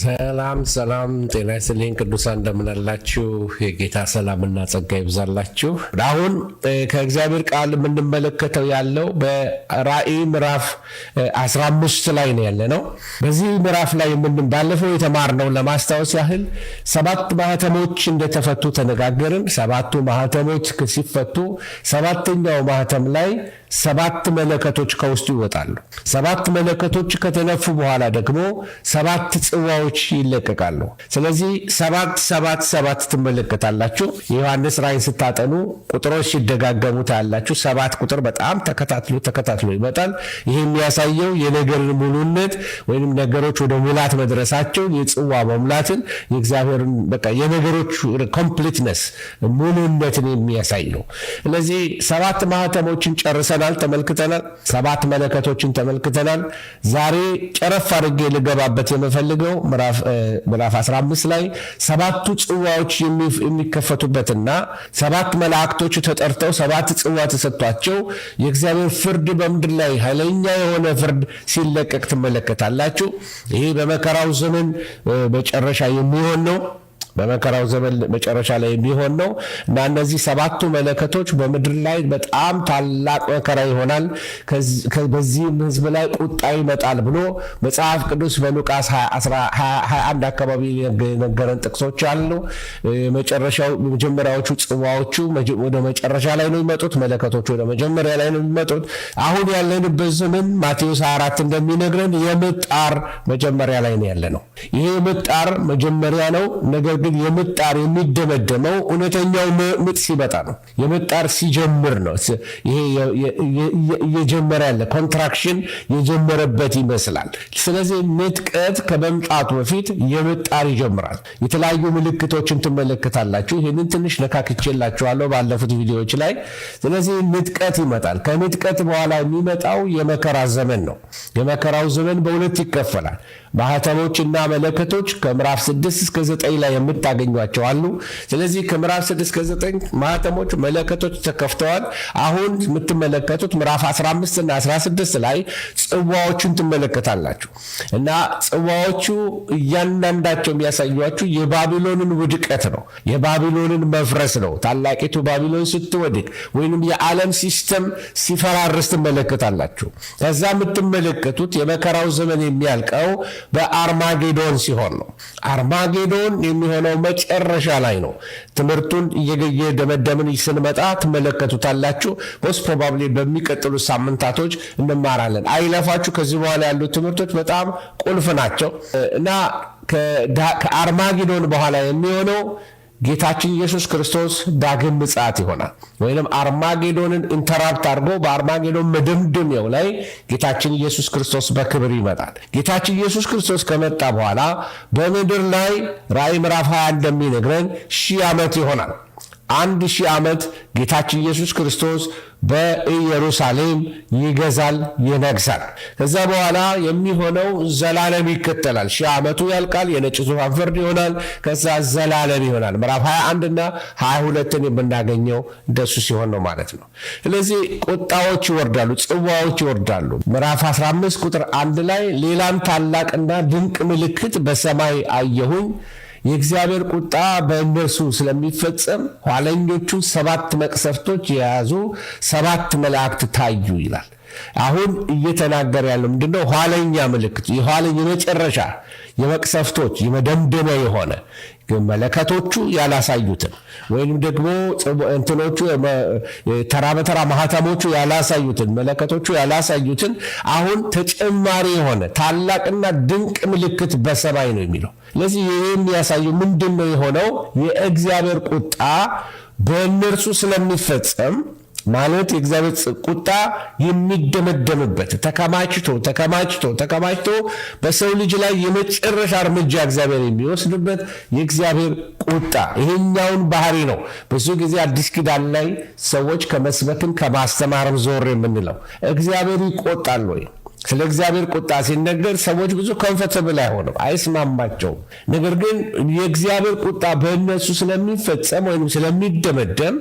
ሰላም ሰላም፣ ጤና ይስጥልኝ ቅዱሳን፣ እንደምናላችሁ የጌታ ሰላምና ጸጋ ይብዛላችሁ። አሁን ከእግዚአብሔር ቃል የምንመለከተው ያለው በራእይ ምዕራፍ 15 ላይ ነው ያለ ነው። በዚህ ምዕራፍ ላይ ባለፈው የተማርነው ለማስታወስ ያህል ሰባት ማህተሞች እንደተፈቱ ተነጋገርን። ሰባቱ ማህተሞች ሲፈቱ ሰባተኛው ማህተም ላይ ሰባት መለከቶች ከውስጡ ይወጣሉ። ሰባት መለከቶች ከተነፉ በኋላ ደግሞ ሰባት ጽዋዎች ይለቀቃሉ። ስለዚህ ሰባት ሰባት ሰባት ትመለከታላችሁ። የዮሐንስ ራእይን ስታጠኑ ቁጥሮች ሲደጋገሙ ታያላችሁ። ሰባት ቁጥር በጣም ተከታትሎ ተከታትሎ ይመጣል። ይህ የሚያሳየው የነገርን ሙሉነት ወይም ነገሮች ወደ ሙላት መድረሳቸው የጽዋ መሙላትን፣ የእግዚአብሔርን በቃ የነገሮች ኮምፕሊትነስ ሙሉነትን የሚያሳይ ነው። ስለዚህ ሰባት ማህተሞችን ጨርሰ አይተናል፣ ተመልክተናል። ሰባት መለከቶችን ተመልክተናል። ዛሬ ጨረፍ አድርጌ ልገባበት የምፈልገው ምዕራፍ 15 ላይ ሰባቱ ጽዋዎች የሚከፈቱበትና ሰባት መላእክቶቹ ተጠርተው ሰባት ጽዋ ተሰጥቷቸው የእግዚአብሔር ፍርድ በምድር ላይ ኃይለኛ የሆነ ፍርድ ሲለቀቅ ትመለከታላችሁ። ይሄ በመከራው ዘመን መጨረሻ የሚሆን ነው። በመከራው ዘመን መጨረሻ ላይ የሚሆን ነው እና እነዚህ ሰባቱ መለከቶች በምድር ላይ በጣም ታላቅ መከራ ይሆናል፣ በዚህም ህዝብ ላይ ቁጣ ይመጣል ብሎ መጽሐፍ ቅዱስ በሉቃስ 21 አካባቢ የነገረን ጥቅሶች አሉ። መጀመሪያዎቹ ጽዋዎቹ ወደ መጨረሻ ላይ ነው የሚመጡት፣ መለከቶቹ ወደ መጀመሪያ ላይ ነው የሚመጡት። አሁን ያለንበት ዘመን ማቴዎስ 24 እንደሚነግረን የምጣር መጀመሪያ ላይ ነው ያለ ነው። ይሄ ምጣር መጀመሪያ ነው ነገር ግን የምጣር የሚደመደመው እውነተኛው ምጥ ሲመጣ ነው። የምጣር ሲጀምር ነው። ይሄ እየጀመረ ያለ ኮንትራክሽን የጀመረበት ይመስላል። ስለዚህ ምጥቀት ከመምጣቱ በፊት የምጣር ይጀምራል። የተለያዩ ምልክቶችን ትመለከታላችሁ። ይህንን ትንሽ ነካክቼላችኋለሁ ባለፉት ቪዲዮዎች ላይ። ስለዚህ ምጥቀት ይመጣል። ከምጥቀት በኋላ የሚመጣው የመከራ ዘመን ነው። የመከራው ዘመን በሁለት ይከፈላል። ማህተሞች እና መለከቶች ከምዕራፍ 6 እስከ 9 ላይ የምታገኟቸው አሉ። ስለዚህ ከምዕራፍ 6 ከ ማህተሞች መለከቶች ተከፍተዋል። አሁን የምትመለከቱት ምዕራፍ 15 እና 16 ላይ ጽዋዎቹን ትመለከታላችሁ እና ጽዋዎቹ እያንዳንዳቸው የሚያሳዩችሁ የባቢሎንን ውድቀት ነው፣ የባቢሎንን መፍረስ ነው። ታላቂቱ ባቢሎን ስትወድቅ ወይም የዓለም ሲስተም ሲፈራርስ ትመለከታላችሁ። ከዛ የምትመለከቱት የመከራው ዘመን የሚያልቀው በአርማጌዶን ሲሆን ነው። አርማጌዶን የሚሆነው ስልጠናው መጨረሻ ላይ ነው። ትምህርቱን እየደመደምን ስንመጣ ትመለከቱታላችሁ። ሞስት ፕሮባብሊ በሚቀጥሉት ሳምንታቶች እንማራለን። አይለፋችሁ። ከዚህ በኋላ ያሉት ትምህርቶች በጣም ቁልፍ ናቸው እና ከአርማጊዶን በኋላ የሚሆነው ጌታችን ኢየሱስ ክርስቶስ ዳግም ምጽአት ይሆናል። ወይም አርማጌዶንን ኢንተራፕት አድርጎ በአርማጌዶን መደምደሚያው ላይ ጌታችን ኢየሱስ ክርስቶስ በክብር ይመጣል። ጌታችን ኢየሱስ ክርስቶስ ከመጣ በኋላ በምድር ላይ ራእይ ምዕራፍ 20 እንደሚነግረን ሺህ ዓመት ይሆናል። አንድ ሺህ ዓመት ጌታችን ኢየሱስ ክርስቶስ በኢየሩሳሌም ይገዛል፣ ይነግሳል። ከዛ በኋላ የሚሆነው ዘላለም ይከተላል። ሺህ ዓመቱ ያልቃል፣ የነጭ ዙፋን ፍርድ ይሆናል። ከዛ ዘላለም ይሆናል። ምዕራፍ 21 እና 22ን የምናገኘው እንደሱ ሲሆን ነው ማለት ነው። ስለዚህ ቁጣዎች ይወርዳሉ፣ ጽዋዎች ይወርዳሉ። ምዕራፍ 15 ቁጥር 1 ላይ ሌላም ታላቅና ድንቅ ምልክት በሰማይ አየሁኝ የእግዚአብሔር ቁጣ በእነርሱ ስለሚፈጸም ኋለኞቹ ሰባት መቅሰፍቶች የያዙ ሰባት መላእክት ታዩ ይላል። አሁን እየተናገረ ያለው ምንድነው? ኋለኛ ምልክት የኋለኛ የመጨረሻ የመቅሰፍቶች የመደምደሚያ የሆነ መለከቶቹ ያላሳዩትን ወይም ደግሞ እንትኖቹ ተራ በተራ ማህተሞቹ ያላሳዩትን መለከቶቹ ያላሳዩትን አሁን ተጨማሪ የሆነ ታላቅና ድንቅ ምልክት በሰማይ ነው የሚለው። ስለዚህ ይህ የሚያሳየው ምንድን ነው የሆነው የእግዚአብሔር ቁጣ በእነርሱ ስለሚፈጸም ማለት የእግዚአብሔር ቁጣ የሚደመደምበት ተከማችቶ ተከማችቶ ተከማችቶ በሰው ልጅ ላይ የመጨረሻ እርምጃ እግዚአብሔር የሚወስድበት የእግዚአብሔር ቁጣ ይሄኛውን ባህሪ ነው። ብዙ ጊዜ አዲስ ኪዳን ላይ ሰዎች ከመስበክም ከማስተማርም ዞር የምንለው እግዚአብሔር ይቆጣል ወይ? ስለ እግዚአብሔር ቁጣ ሲነገር ሰዎች ብዙ ኮንፈርተብል አይሆንም፣ አይስማማቸውም። ነገር ግን የእግዚአብሔር ቁጣ በእነሱ ስለሚፈጸም ወይም ስለሚደመደም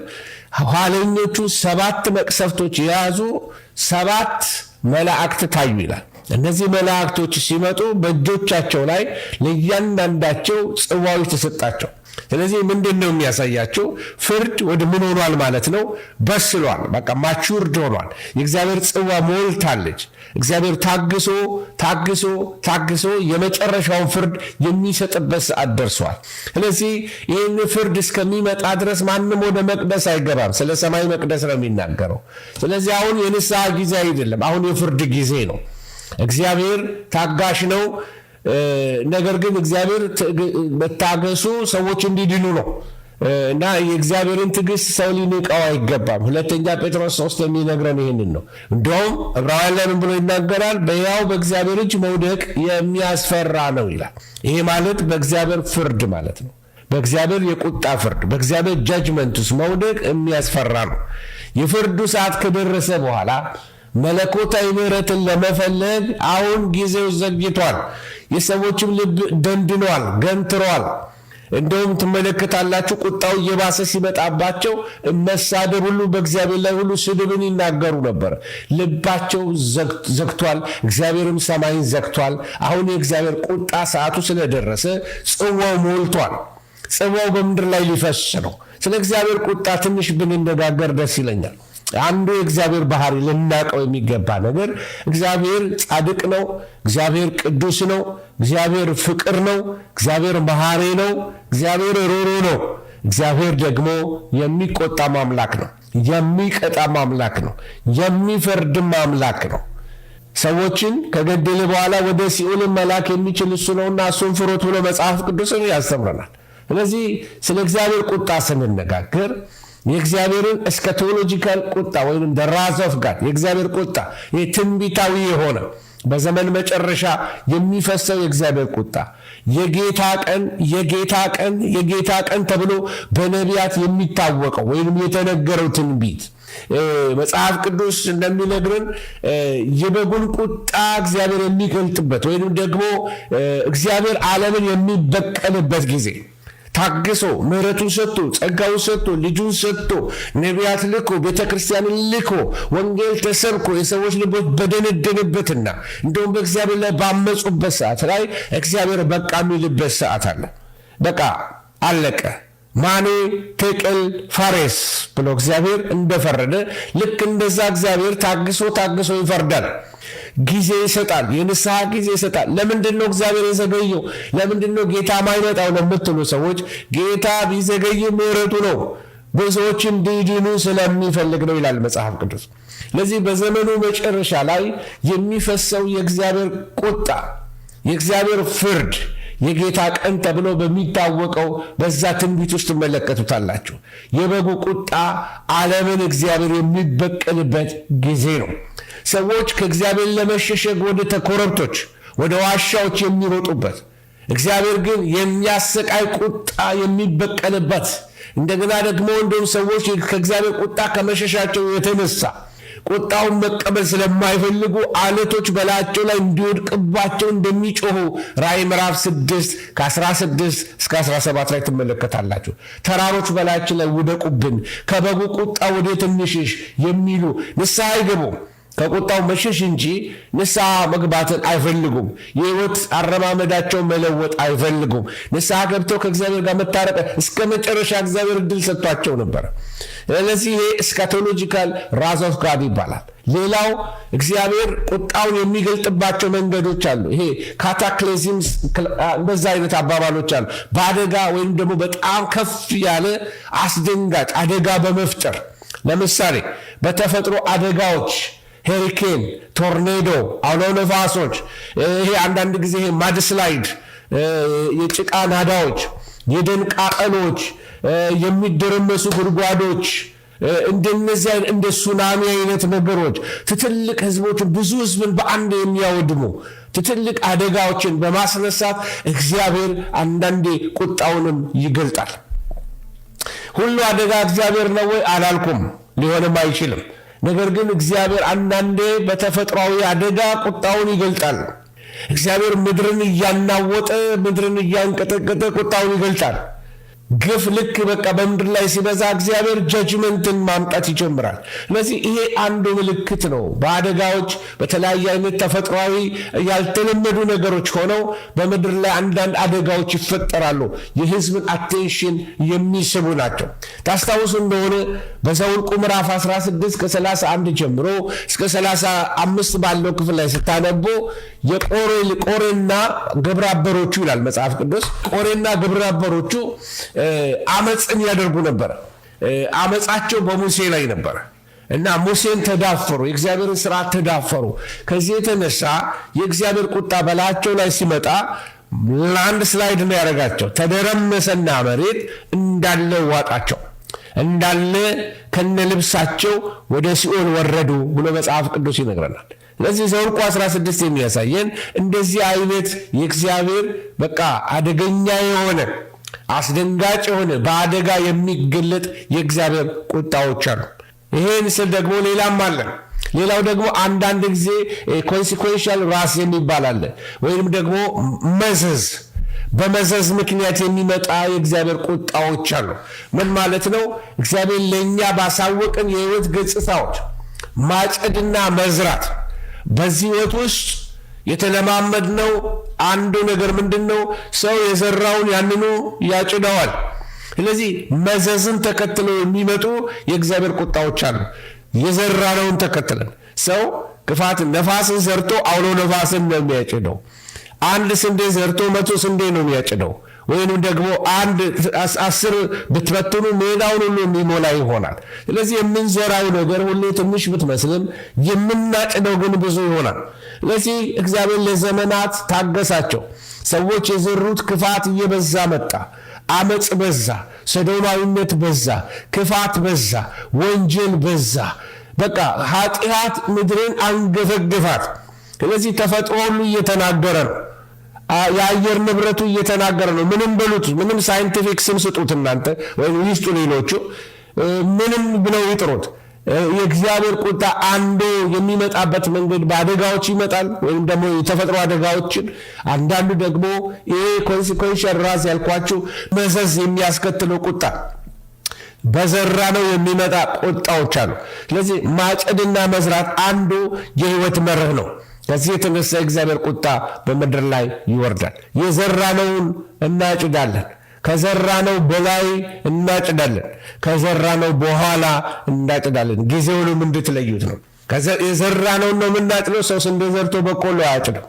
ኋለኞቹ ሰባት መቅሰፍቶች የያዙ ሰባት መላእክት ታዩ ይላል። እነዚህ መላእክቶች ሲመጡ በእጆቻቸው ላይ ለእያንዳንዳቸው ጽዋዎች ተሰጣቸው። ስለዚህ ምንድን ነው የሚያሳያቸው? ፍርድ ወደ ምን ሆኗል ማለት ነው? በስሏል። በቃ ማቹርድ ሆኗል። የእግዚአብሔር ጽዋ ሞልታለች። እግዚአብሔር ታግሶ ታግሶ ታግሶ የመጨረሻውን ፍርድ የሚሰጥበት ሰዓት ደርሷል። ስለዚህ ይህን ፍርድ እስከሚመጣ ድረስ ማንም ወደ መቅደስ አይገባም። ስለ ሰማይ መቅደስ ነው የሚናገረው። ስለዚህ አሁን የንስሐ ጊዜ አይደለም፣ አሁን የፍርድ ጊዜ ነው። እግዚአብሔር ታጋሽ ነው። ነገር ግን እግዚአብሔር መታገሱ ሰዎች እንዲድኑ ነው እና የእግዚአብሔርን ትዕግስት ሰው ሊንቀው አይገባም። ሁለተኛ ጴጥሮስ ሶስት የሚነግረን ይህንን ነው። እንደውም ዕብራውያን ላይ ምን ብሎ ይናገራል? በሕያው በእግዚአብሔር እጅ መውደቅ የሚያስፈራ ነው ይላል። ይሄ ማለት በእግዚአብሔር ፍርድ ማለት ነው። በእግዚአብሔር የቁጣ ፍርድ፣ በእግዚአብሔር ጃጅመንት ውስጥ መውደቅ የሚያስፈራ ነው። የፍርዱ ሰዓት ከደረሰ በኋላ መለኮታዊ ምሕረትን ለመፈለግ አሁን ጊዜው ዘግይቷል። የሰዎችም ልብ ደንድኗል፣ ገንትሯል እንደውም ትመለከታላችሁ ቁጣው እየባሰ ሲመጣባቸው መሳደብ ሁሉ በእግዚአብሔር ላይ ሁሉ ስድብን ይናገሩ ነበር። ልባቸው ዘግቷል፣ እግዚአብሔርም ሰማይን ዘግቷል። አሁን የእግዚአብሔር ቁጣ ሰዓቱ ስለደረሰ ጽዋው ሞልቷል። ጽዋው በምድር ላይ ሊፈስ ነው። ስለ እግዚአብሔር ቁጣ ትንሽ ብንነጋገር ደስ ይለኛል። አንዱ የእግዚአብሔር ባህሪ ልናቀው የሚገባ ነገር እግዚአብሔር ጻድቅ ነው። እግዚአብሔር ቅዱስ ነው። እግዚአብሔር ፍቅር ነው። እግዚአብሔር መሐሪ ነው። እግዚአብሔር ሮሮ ነው። እግዚአብሔር ደግሞ የሚቆጣም አምላክ ነው። የሚቀጣም አምላክ ነው። የሚፈርድም አምላክ ነው። ሰዎችን ከገደለ በኋላ ወደ ሲኦል መላክ የሚችል እሱ ነውና እሱን ፍሩት ብሎ መጽሐፍ ቅዱስ ያስተምረናል። ስለዚህ ስለ እግዚአብሔር ቁጣ ስንነጋገር የእግዚአብሔርን እስከ ቴዎሎጂካል ቁጣ ወይም ራዝ ኦፍ ጋድ የእግዚአብሔር ቁጣ ትንቢታዊ የሆነ በዘመን መጨረሻ የሚፈሰው የእግዚአብሔር ቁጣ የጌታ ቀን የጌታ ቀን የጌታ ቀን ተብሎ በነቢያት የሚታወቀው ወይም የተነገረው ትንቢት መጽሐፍ ቅዱስ እንደሚነግርን የበጉን ቁጣ እግዚአብሔር የሚገልጥበት ወይም ደግሞ እግዚአብሔር ዓለምን የሚበቀልበት ጊዜ ታግሶ ምሕረቱን ሰጥቶ ጸጋውን ሰጥቶ ልጁን ሰጥቶ ነቢያት ልኮ ቤተ ክርስቲያንን ልኮ ወንጌል ተሰብኮ የሰዎች ልቦች በደነደንበትና እንደውም በእግዚአብሔር ላይ ባመፁበት ሰዓት ላይ እግዚአብሔር በቃ የሚልበት ሰዓት አለ። በቃ አለቀ። ማኔ ቴቅል ፋሬስ ብሎ እግዚአብሔር እንደፈረደ ልክ እንደዛ እግዚአብሔር ታግሶ ታግሶ ይፈርዳል። ጊዜ ይሰጣል። የንስሐ ጊዜ ይሰጣል። ለምንድን ነው እግዚአብሔር የዘገየው? ለምንድን ነው ጌታ ማይመጣው ለምትሉ ሰዎች ጌታ ቢዘገይ ምሕረቱ ነው፣ ብዙዎች እንዲድኑ ስለሚፈልግ ነው ይላል መጽሐፍ ቅዱስ። ለዚህ በዘመኑ መጨረሻ ላይ የሚፈሰው የእግዚአብሔር ቁጣ፣ የእግዚአብሔር ፍርድ የጌታ ቀን ተብሎ በሚታወቀው በዛ ትንቢት ውስጥ ትመለከቱታላችሁ። የበጉ ቁጣ ዓለምን እግዚአብሔር የሚበቀልበት ጊዜ ነው። ሰዎች ከእግዚአብሔር ለመሸሸግ ወደ ተኮረብቶች ወደ ዋሻዎች የሚሮጡበት እግዚአብሔር ግን የሚያሰቃይ ቁጣ የሚበቀልበት እንደገና ደግሞ እንዲሁም ሰዎች ከእግዚአብሔር ቁጣ ከመሸሻቸው የተነሳ ቁጣውን መቀበል ስለማይፈልጉ አለቶች በላያቸው ላይ እንዲወድቅባቸው እንደሚጮሁ ራእይ ምዕራፍ 6 ከ16 እስከ 17 ላይ ትመለከታላችሁ። ተራሮች በላያችን ላይ ውደቁብን፣ ከበጉ ቁጣ ወዴት እንሽሽ የሚሉ ንስሐ አይገቡም። ከቁጣው መሸሽ እንጂ ንስሐ መግባትን አይፈልጉም። የህይወት አረማመዳቸው መለወጥ አይፈልጉም። ንስሐ ገብተው ከእግዚአብሔር ጋር መታረቅ እስከ መጨረሻ እግዚአብሔር እድል ሰጥቷቸው ነበረ። ስለዚህ ይሄ እስካቶሎጂካል ራዝ ኦፍ ጋድ ይባላል። ሌላው እግዚአብሔር ቁጣውን የሚገልጥባቸው መንገዶች አሉ። ይሄ ካታክሌዚምስ እንደዛ አይነት አባባሎች አሉ። በአደጋ ወይም ደግሞ በጣም ከፍ ያለ አስደንጋጭ አደጋ በመፍጠር ለምሳሌ በተፈጥሮ አደጋዎች ሄሪኬን፣ ቶርኔዶ፣ አውሎ ነፋሶች፣ ይሄ አንዳንድ ጊዜ ይሄ ማድስላይድ፣ የጭቃ ናዳዎች፣ የደን ቃጠሎች፣ የሚደረመሱ ጉድጓዶች እንደነዚህ እንደ ሱናሚ አይነት ነገሮች ትትልቅ ህዝቦችን ብዙ ህዝብን በአንድ የሚያወድሙ ትትልቅ አደጋዎችን በማስነሳት እግዚአብሔር አንዳንዴ ቁጣውንም ይገልጣል። ሁሉ አደጋ እግዚአብሔር ነው ወይ አላልኩም፣ ሊሆንም አይችልም። ነገር ግን እግዚአብሔር አንዳንዴ በተፈጥሯዊ አደጋ ቁጣውን ይገልጣል። እግዚአብሔር ምድርን እያናወጠ ምድርን እያንቀጠቀጠ ቁጣውን ይገልጣል። ግፍ ልክ በቃ በምድር ላይ ሲበዛ እግዚአብሔር ጀጅመንትን ማምጣት ይጀምራል። ስለዚህ ይሄ አንዱ ምልክት ነው። በአደጋዎች በተለያየ አይነት ተፈጥሯዊ ያልተለመዱ ነገሮች ሆነው በምድር ላይ አንዳንድ አደጋዎች ይፈጠራሉ። የህዝብን አቴንሽን የሚስቡ ናቸው። ታስታውሱ እንደሆነ በዘኍልቍ ምዕራፍ 16 ከ31 ጀምሮ እስከ 35 ባለው ክፍል ላይ ስታነቦ የቆሬና ግብረ አበሮቹ ይላል መጽሐፍ ቅዱስ። ቆሬና ግብረ አበሮቹ አመፅን ያደርጉ ነበረ። አመፃቸው በሙሴ ላይ ነበረ እና ሙሴን ተዳፈሩ፣ የእግዚአብሔርን ስርዓት ተዳፈሩ። ከዚህ የተነሳ የእግዚአብሔር ቁጣ በላያቸው ላይ ሲመጣ ለአንድ ስላይድ ነው ያደረጋቸው። ተደረመሰና መሬት እንዳለ ዋጣቸው እንዳለ ከነ ልብሳቸው ወደ ሲኦል ወረዱ ብሎ መጽሐፍ ቅዱስ ይነግረናል። ስለዚህ ዘኍልቍ 16 የሚያሳየን እንደዚህ አይነት የእግዚአብሔር በቃ አደገኛ የሆነ አስደንጋጭ የሆነ በአደጋ የሚገለጥ የእግዚአብሔር ቁጣዎች አሉ። ይሄን ስል ደግሞ ሌላም አለ። ሌላው ደግሞ አንዳንድ ጊዜ ኮንሲኮንሻል ራስ የሚባል አለ፣ ወይም ደግሞ መዘዝ በመዘዝ ምክንያት የሚመጣ የእግዚአብሔር ቁጣዎች አሉ። ምን ማለት ነው? እግዚአብሔር ለእኛ ባሳወቅን የህይወት ገጽታዎች ማጨድና መዝራት በዚህ ህይወት ውስጥ የተለማመድ ነው አንዱ ነገር ምንድን ነው? ሰው የዘራውን ያንኑ ያጭደዋል። ስለዚህ መዘዝን ተከትሎ የሚመጡ የእግዚአብሔር ቁጣዎች አሉ። የዘራነውን ተከትለን ሰው ክፋት ነፋስን ዘርቶ አውሎ ነፋስን ነው የሚያጭደው። አንድ ስንዴ ዘርቶ መቶ ስንዴ ነው የሚያጭደው። ወይንም ደግሞ አንድ አስር ብትበትኑ ሜዳውን ሁሉ የሚሞላ ይሆናል። ስለዚህ የምንዘራው ነገር ሁሉ ትንሽ ብትመስልም የምናጭደው ግን ብዙ ይሆናል። ስለዚህ እግዚአብሔር ለዘመናት ታገሳቸው። ሰዎች የዘሩት ክፋት እየበዛ መጣ። አመፅ በዛ፣ ሰዶማዊነት በዛ፣ ክፋት በዛ፣ ወንጀል በዛ። በቃ ኃጢአት ምድርን አንገፈግፋት። ስለዚህ ተፈጥሮ ሁሉ እየተናገረ ነው። የአየር ንብረቱ እየተናገረ ነው። ምንም በሉት፣ ምንም ሳይንቲፊክ ስም ስጡት እናንተ ወይም ይስጡ ሌሎቹ፣ ምንም ብለው ይጥሩት። የእግዚአብሔር ቁጣ አንዱ የሚመጣበት መንገድ በአደጋዎች ይመጣል፣ ወይም ደግሞ የተፈጥሮ አደጋዎችን፣ አንዳንዱ ደግሞ ይሄ ኮንሲኮንሻል ራስ ያልኳችሁ መዘዝ የሚያስከትለው ቁጣ በዘራ ነው የሚመጣ ቁጣዎች አሉ። ስለዚህ ማጨድና መዝራት አንዱ የህይወት መርህ ነው። ከዚህ የተነሳ የእግዚአብሔር ቁጣ በምድር ላይ ይወርዳል። የዘራነውን እናጭዳለን። ከዘራነው በላይ እናጭዳለን። ከዘራነው በኋላ እናጭዳለን። ጊዜውንም እንድትለዩት ነው። የዘራነውን ነው የምናጭደው። ሰው ስንዴ ዘርቶ በቆሎ አያጭድም።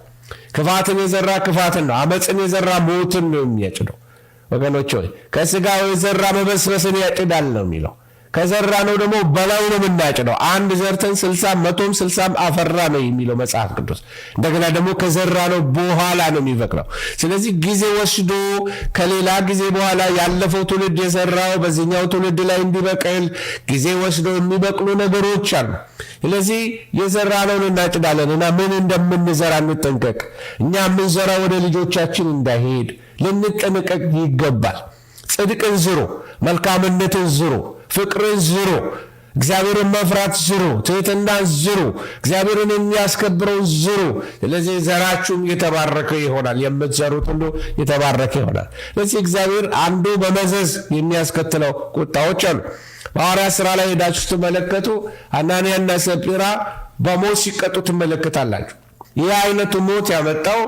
ክፋትን የዘራ ክፋትን ነው። አመፅን የዘራ ሞትን ነው የሚያጭደው። ወገኖች ሆይ ከሥጋ የዘራ መበስበስን ያጭዳል ነው የሚለው ከዘራ ነው ደግሞ በላይ ነው የምናጭደው። አንድ ዘርተን ስልሳም መቶም ስልሳም አፈራ ነው የሚለው መጽሐፍ ቅዱስ። እንደገና ደግሞ ከዘራ ነው በኋላ ነው የሚበቅለው። ስለዚህ ጊዜ ወስዶ ከሌላ ጊዜ በኋላ ያለፈው ትውልድ የዘራው በዚኛው ትውልድ ላይ እንዲበቅል ጊዜ ወስዶ የሚበቅሉ ነገሮች አሉ። ስለዚህ የዘራ ነውን እናጭዳለን እና ምን እንደምንዘራ እንጠንቀቅ። እኛ የምንዘራ ወደ ልጆቻችን እንዳይሄድ ልንጠነቀቅ ይገባል። ጽድቅን ዝሩ፣ መልካምነትን ዝሩ ፍቅርን ዝሩ፣ እግዚአብሔርን መፍራት ዝሩ፣ ትህትናን ዝሩ፣ እግዚአብሔርን የሚያስከብረውን ዝሩ። ስለዚህ ዘራችሁም የተባረከ ይሆናል፣ የምትዘሩት ሁሉ የተባረከ ይሆናል። ስለዚህ እግዚአብሔር አንዱ በመዘዝ የሚያስከትለው ቁጣዎች አሉ። በሐዋርያ ስራ ላይ ሄዳችሁ ስትመለከቱ አናንያና ሰጲራ በሞት ሲቀጡ ትመለከታላችሁ። ይህ አይነቱ ሞት ያመጣው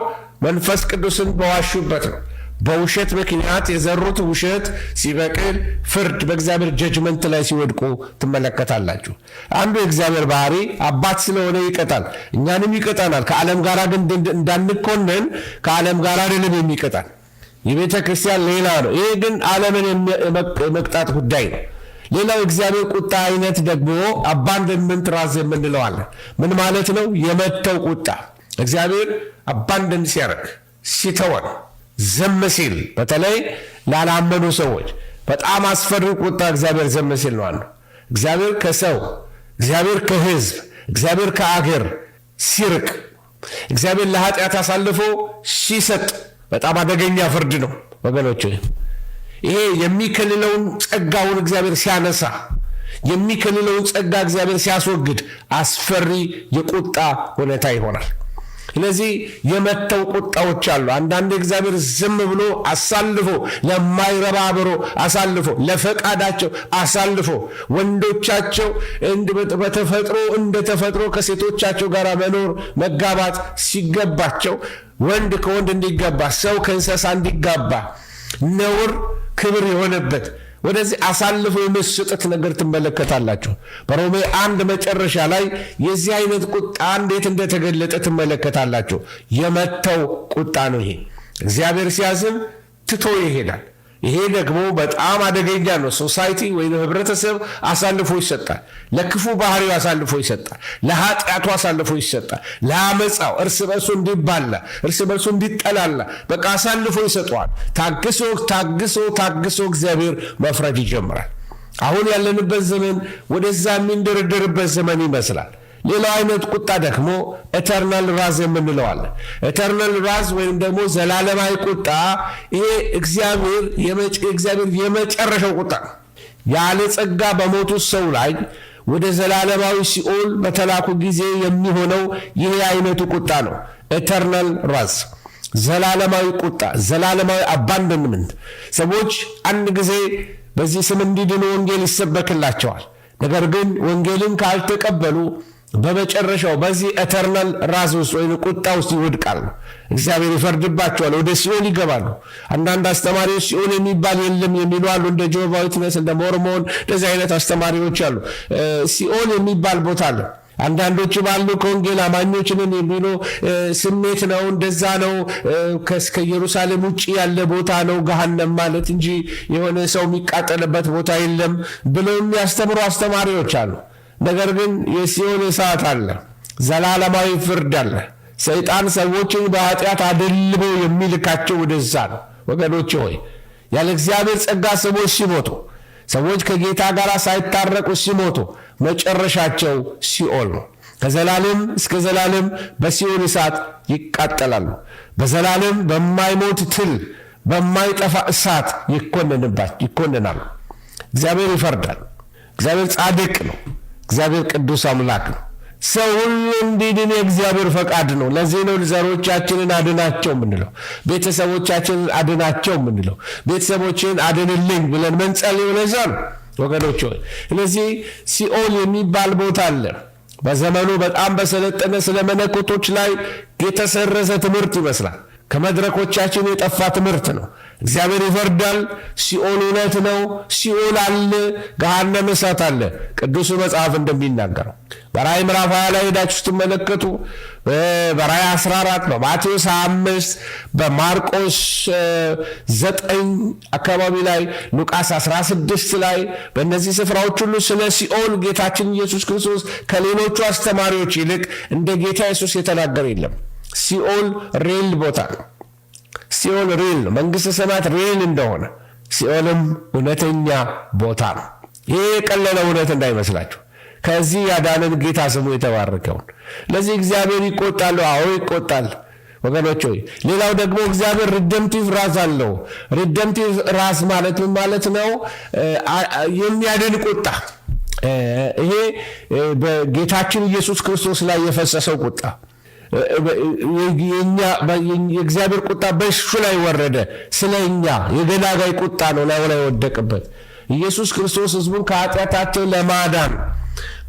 መንፈስ ቅዱስን በዋሹበት ነው። በውሸት ምክንያት የዘሩት ውሸት ሲበቅል ፍርድ በእግዚአብሔር ጀጅመንት ላይ ሲወድቁ ትመለከታላችሁ። አንዱ የእግዚአብሔር ባህሪ አባት ስለሆነ ይቀጣል፣ እኛንም ይቀጣናል። ከዓለም ጋር ግን እንዳንኮንን ከዓለም ጋር አይደለም የሚቀጣል። የቤተ ክርስቲያን ሌላ ነው። ይሄ ግን ዓለምን የመቅጣት ጉዳይ ነው። ሌላው እግዚአብሔር ቁጣ አይነት ደግሞ አባንደንመንት ራዝ የምንለዋለን። ምን ማለት ነው? የመተው ቁጣ እግዚአብሔር አባንደን ሲያደርግ ሲተወን ዘመሲል ሲል በተለይ ላላመኑ ሰዎች በጣም አስፈሪ ቁጣ እግዚአብሔር ዘመሲል ሲል ነው አለ። እግዚአብሔር ከሰው እግዚአብሔር ከህዝብ እግዚአብሔር ከአገር ሲርቅ እግዚአብሔር ለኃጢአት አሳልፎ ሲሰጥ በጣም አደገኛ ፍርድ ነው ወገኖች። ይሄ የሚከልለውን ጸጋውን እግዚአብሔር ሲያነሳ የሚከልለውን ጸጋ እግዚአብሔር ሲያስወግድ አስፈሪ የቁጣ ሁኔታ ይሆናል። ስለዚህ የመተው ቁጣዎች አሉ። አንዳንድ እግዚአብሔር ዝም ብሎ አሳልፎ ለማይረባብሮ አሳልፎ ለፈቃዳቸው አሳልፎ ወንዶቻቸው በተፈጥሮ እንደ ተፈጥሮ ከሴቶቻቸው ጋር መኖር መጋባት ሲገባቸው ወንድ ከወንድ እንዲገባ ሰው ከእንስሳ እንዲጋባ ነውር ክብር የሆነበት ወደዚህ አሳልፎ የመስጠት ነገር ትመለከታላችሁ። በሮሜ አንድ መጨረሻ ላይ የዚህ አይነት ቁጣ እንዴት እንደተገለጠ ትመለከታላችሁ። የመተው ቁጣ ነው ይሄ። እግዚአብሔር ሲያዝን ትቶ ይሄዳል። ይሄ ደግሞ በጣም አደገኛ ነው። ሶሳይቲ ወይም ህብረተሰብ አሳልፎ ይሰጣል፣ ለክፉ ባህሪው አሳልፎ ይሰጣል፣ ለኃጢአቱ አሳልፎ ይሰጣል፣ ለአመፃው እርስ በርሱ እንዲባላ እርስ በርሱ እንዲጠላላ በቃ አሳልፎ ይሰጠዋል። ታግሶ ታግሶ ታግሶ እግዚአብሔር መፍረድ ይጀምራል። አሁን ያለንበት ዘመን ወደዛ የሚንደረደርበት ዘመን ይመስላል። ሌላው አይነት ቁጣ ደግሞ ኤተርናል ራዝ የምንለዋለ ኤተርናል ራዝ ወይም ደግሞ ዘላለማዊ ቁጣ፣ ይሄ እግዚአብሔር የእግዚአብሔር የመጨረሻው ቁጣ ያለ ጸጋ በሞቱ ሰው ላይ ወደ ዘላለማዊ ሲኦል በተላኩ ጊዜ የሚሆነው ይሄ አይነቱ ቁጣ ነው። ኤተርናል ራዝ ዘላለማዊ ቁጣ፣ ዘላለማዊ አባንደንመንት። ሰዎች አንድ ጊዜ በዚህ ስም እንዲድኑ ወንጌል ይሰበክላቸዋል። ነገር ግን ወንጌልን ካልተቀበሉ በመጨረሻው በዚህ ኤተርናል ራዝ ውስጥ ወይም ቁጣ ውስጥ ይወድቃሉ። እግዚአብሔር ይፈርድባቸዋል፣ ወደ ሲኦል ይገባሉ። አንዳንድ አስተማሪዎች ሲኦል የሚባል የለም የሚሉ አሉ። እንደ ጆቫ ዊትነስ፣ እንደ ሞርሞን እንደዚህ አይነት አስተማሪዎች አሉ። ሲኦል የሚባል ቦታ አለ። አንዳንዶች ባሉ ከወንጌል አማኞችንን የሚሉ ስሜት ነው። እንደዛ ነው። ከኢየሩሳሌም ውጭ ያለ ቦታ ነው ገሃነም ማለት እንጂ የሆነ ሰው የሚቃጠልበት ቦታ የለም ብለው የሚያስተምሩ አስተማሪዎች አሉ። ነገር ግን የሲኦል እሳት አለ፣ ዘላለማዊ ፍርድ አለ። ሰይጣን ሰዎችን በኃጢአት አደልቦ የሚልካቸው ወደዛ ነው። ወገኖች ሆይ ያለ እግዚአብሔር ጸጋ ሰዎች ሲሞቱ፣ ሰዎች ከጌታ ጋር ሳይታረቁ ሲሞቱ መጨረሻቸው ሲኦል ነው። ከዘላለም እስከ ዘላለም በሲኦል እሳት ይቃጠላሉ። በዘላለም በማይሞት ትል በማይጠፋ እሳት ይኮነናሉ። እግዚአብሔር ይፈርዳል። እግዚአብሔር ጻድቅ ነው። እግዚአብሔር ቅዱስ አምላክ ነው። ሰው ሁሉ እንዲድን የእግዚአብሔር ፈቃድ ነው። ለዚህ ነው ዘሮቻችንን አድናቸው የምንለው፣ ቤተሰቦቻችንን አድናቸው የምንለው፣ ቤተሰቦችን አድንልኝ ብለን መንጸልየው ለዛ ነው ወገኖች ሆይ። ስለዚህ ሲኦል የሚባል ቦታ አለ። በዘመኑ በጣም በሰለጠነ ስለ መነኮቶች ላይ የተሰረዘ ትምህርት ይመስላል። ከመድረኮቻችን የጠፋ ትምህርት ነው። እግዚአብሔር ይፈርዳል። ሲኦል እውነት ነው። ሲኦል አለ፣ ገሃነመ እሳት አለ። ቅዱሱ መጽሐፍ እንደሚናገረው በራእይ ምዕራፍ 20 ላይ ሄዳችሁ ስትመለከቱ በራእይ 14 ማቴዎስ 5 በማርቆስ 9 አካባቢ ላይ ሉቃስ 16 ላይ በእነዚህ ስፍራዎች ሁሉ ስለ ሲኦል ጌታችን ኢየሱስ ክርስቶስ ከሌሎቹ አስተማሪዎች ይልቅ እንደ ጌታ ኢየሱስ የተናገረ የለም። ሲኦል ሬል ቦታ ነው። ሲኦል ሪል ነው። መንግሥተ ሰማያት ሪል እንደሆነ ሲኦልም እውነተኛ ቦታ ነው። ይሄ የቀለለ እውነት እንዳይመስላችሁ። ከዚህ ያዳንን ጌታ ስሙ የተባረከውን። ለዚህ እግዚአብሔር ይቆጣል። አዎ ይቆጣል ወገኖች ሆይ። ሌላው ደግሞ እግዚአብሔር ሪደምቲቭ ራስ አለው። ሪደምቲቭ ራስ ማለት ምን ማለት ነው? የሚያድን ቁጣ ይሄ በጌታችን ኢየሱስ ክርስቶስ ላይ የፈሰሰው ቁጣ የእግዚአብሔር ቁጣ በእሱ ላይ ወረደ። ስለ እኛ የገላጋይ ቁጣ ነው ላዩ ላይ ወደቅበት። ኢየሱስ ክርስቶስ ህዝቡን ከኃጢአታቸው ለማዳን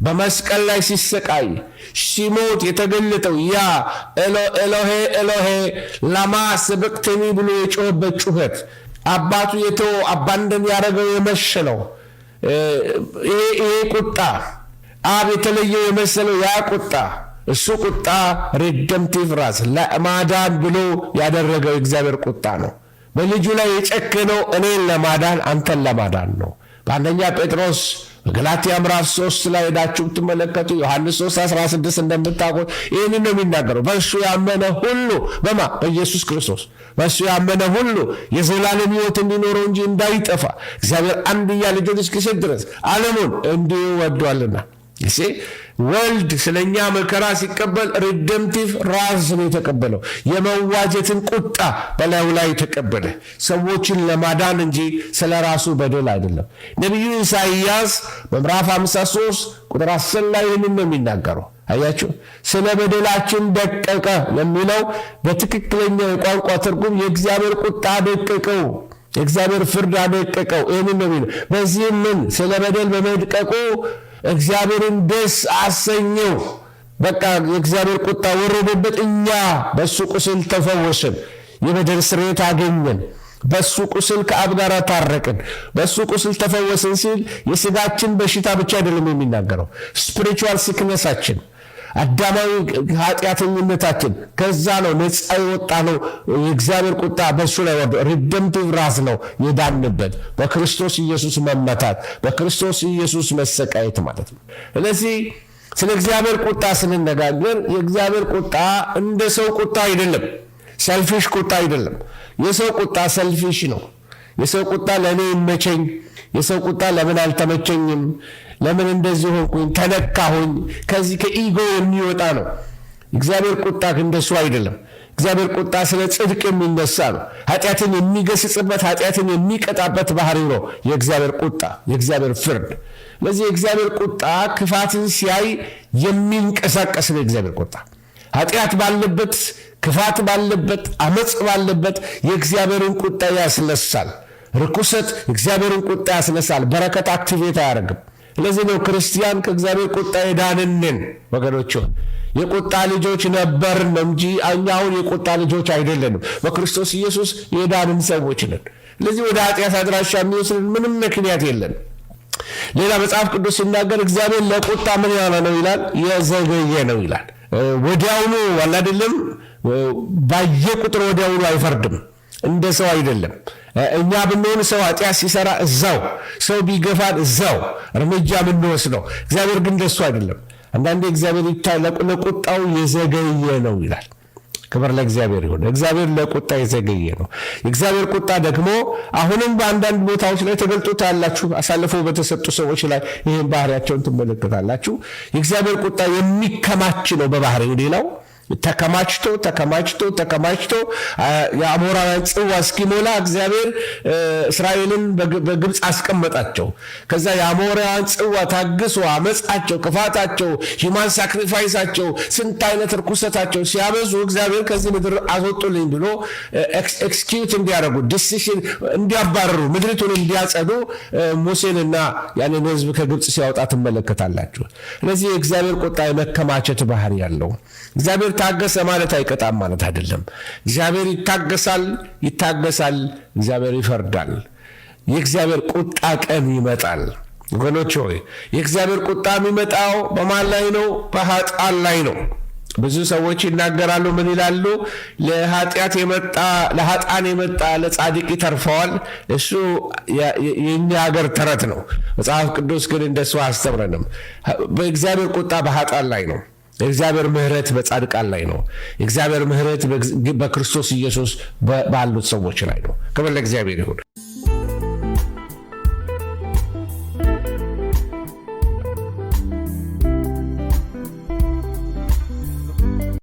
በመስቀል ላይ ሲሰቃይ ሲሞት የተገለጠው ያ ኤሎሄ ኤሎሄ ላማ ሰበቅተኒ ብሎ የጮኸበት ጩኸት አባቱ የተወ አባንደን ያደረገው የመሸለው ይሄ ቁጣ አብ የተለየው የመሰለው ያ ቁጣ እሱ ቁጣ ሬደምቲቭ ራስ ለማዳን ብሎ ያደረገው የእግዚአብሔር ቁጣ ነው። በልጁ ላይ የጨከነው እኔን ለማዳን አንተን ለማዳን ነው። በአንደኛ ጴጥሮስ በገላትያ ምዕራፍ 3 ላይ ሄዳችሁ ብትመለከቱ ዮሐንስ 3 16 እንደምታውቁት ይህንን ነው የሚናገረው። በእሱ ያመነ ሁሉ በማ በኢየሱስ ክርስቶስ በእሱ ያመነ ሁሉ የዘላለም ሕይወት እንዲኖረው እንጂ እንዳይጠፋ እግዚአብሔር አንድያ ልጁን እስኪሰጥ ድረስ ዓለሙን እንዲሁ ወዷልና ወልድ ስለኛ መከራ ሲቀበል ሪደምቲቭ ራዝ ነው የተቀበለው። የመዋጀትን ቁጣ በላዩ ላይ ተቀበለ። ሰዎችን ለማዳን እንጂ ስለ ራሱ በደል አይደለም። ነቢዩ ኢሳይያስ በምዕራፍ 53 ቁጥር 10 ላይ ይህንን ነው የሚናገረው። አያችሁ፣ ስለ በደላችን ደቀቀ ለሚለው በትክክለኛው የቋንቋ ትርጉም የእግዚአብሔር ቁጣ ደቀቀው የእግዚአብሔር ፍርድ አደቀቀው። ይህንን ነው የሚለው። በዚህም ምን ስለ በደል በመድቀቁ እግዚአብሔርን ደስ አሰኘው። በቃ የእግዚአብሔር ቁጣ ወረደበት፣ እኛ በሱ ቁስል ተፈወስን፣ የበደል ስርየት አገኘን። በሱ ቁስል ከአብ ጋር ታረቅን፣ በሱ ቁስል ተፈወስን ሲል የስጋችን በሽታ ብቻ አይደለም የሚናገረው ስፒሪቹዋል ሲክነሳችን አዳማዊ ኃጢአተኝነታችን ከዛ ነው ነፃ የወጣ ነው። የእግዚአብሔር ቁጣ በእሱ ላይ ወርዶ ሪደምቲቭ ራስ ነው የዳንበት በክርስቶስ ኢየሱስ መመታት፣ በክርስቶስ ኢየሱስ መሰቃየት ማለት ነው። ስለዚህ ስለ እግዚአብሔር ቁጣ ስንነጋገር የእግዚአብሔር ቁጣ እንደ ሰው ቁጣ አይደለም። ሰልፊሽ ቁጣ አይደለም። የሰው ቁጣ ሰልፊሽ ነው። የሰው ቁጣ ለእኔ ይመቸኝ የሰው ቁጣ ለምን አልተመቸኝም፣ ለምን እንደዚህ ሆንኩኝ፣ ተነካሁኝ፣ ከዚህ ከኢጎ የሚወጣ ነው። እግዚአብሔር ቁጣ እንደሱ አይደለም። እግዚአብሔር ቁጣ ስለ ጽድቅ የሚነሳ ነው። ኃጢአትን የሚገስጽበት ኃጢአትን የሚቀጣበት ባህሪ ነው የእግዚአብሔር ቁጣ፣ የእግዚአብሔር ፍርድ። ስለዚህ የእግዚአብሔር ቁጣ ክፋትን ሲያይ የሚንቀሳቀስ ነው። የእግዚአብሔር ቁጣ ኃጢአት ባለበት፣ ክፋት ባለበት፣ አመፅ ባለበት የእግዚአብሔርን ቁጣ ያስነሳል። ርኩሰት እግዚአብሔርን ቁጣ ያስነሳል። በረከት አክቲቬት አያደርግም። ለዚህ ነው ክርስቲያን ከእግዚአብሔር ቁጣ የዳንንን ወገኖች ሆን የቁጣ ልጆች ነበር ነው እንጂ እኛ አሁን የቁጣ ልጆች አይደለንም። በክርስቶስ ኢየሱስ የዳንን ሰዎች ነን። ስለዚህ ወደ ኃጢአት አድራሻ የሚወስድን ምንም ምክንያት የለን። ሌላ መጽሐፍ ቅዱስ ሲናገር እግዚአብሔር ለቁጣ ምን ያለ ነው ይላል? የዘገየ ነው ይላል። ወዲያውኑ አላደለም፣ ባየ ቁጥር ወዲያውኑ አይፈርድም። እንደ ሰው አይደለም። እኛ ብንሆን ሰው ኃጢአት ሲሰራ እዛው፣ ሰው ቢገፋን እዛው እርምጃ ብንወስደው፣ እግዚአብሔር ግን ደሱ አይደለም። አንዳንዴ እግዚአብሔር ለቁጣው የዘገየ ነው ይላል። ክብር ለእግዚአብሔር ይሁን። እግዚአብሔር ለቁጣ የዘገየ ነው። የእግዚአብሔር ቁጣ ደግሞ አሁንም በአንዳንድ ቦታዎች ላይ ተገልጦ ታያላችሁ። አሳልፎ በተሰጡ ሰዎች ላይ ይህን ባህሪያቸውን ትመለከታላችሁ። የእግዚአብሔር ቁጣ የሚከማች ነው በባህሪው ሌላው ተከማችቶ ተከማችቶ ተከማችቶ የአሞራውያን ጽዋ እስኪሞላ እግዚአብሔር እስራኤልን በግብፅ አስቀመጣቸው። ከዛ የአሞራውያን ጽዋ ታግሶ አመፃቸው፣ ክፋታቸው፣ ሂማን ሳክሪፋይሳቸው፣ ስንት አይነት ርኩሰታቸው ሲያበዙ እግዚአብሔር ከዚህ ምድር አስወጡልኝ ብሎ ኤክስኪዩት እንዲያደርጉ ዲሲሽን እንዲያባረሩ ምድሪቱን እንዲያጸዱ ሙሴንና ያንን ህዝብ ከግብፅ ሲያወጣ ትመለከታላችሁ። ስለዚህ የእግዚአብሔር ቁጣ የመከማቸት ባህሪ ያለው እግዚአብሔር ታገሰ ማለት አይቀጣም ማለት አይደለም። እግዚአብሔር ይታገሳል፣ ይታገሳል። እግዚአብሔር ይፈርዳል። የእግዚአብሔር ቁጣ ቀን ይመጣል። ወገኖች ሆይ የእግዚአብሔር ቁጣ የሚመጣው በማን ላይ ነው? በኃጥአን ላይ ነው። ብዙ ሰዎች ይናገራሉ። ምን ይላሉ? ለኃጢአት የመጣ ለኃጥአን የመጣ ለጻድቅ ይተርፈዋል። እሱ የእኛ ሀገር ተረት ነው። መጽሐፍ ቅዱስ ግን እንደሱ አስተምረንም በእግዚአብሔር ቁጣ በኃጥአን ላይ ነው። የእግዚአብሔር ምሕረት በጻድቃን ላይ ነው። የእግዚአብሔር ምሕረት በክርስቶስ ኢየሱስ ባሉት ሰዎች ላይ ነው። ክብር ለእግዚአብሔር ይሁን።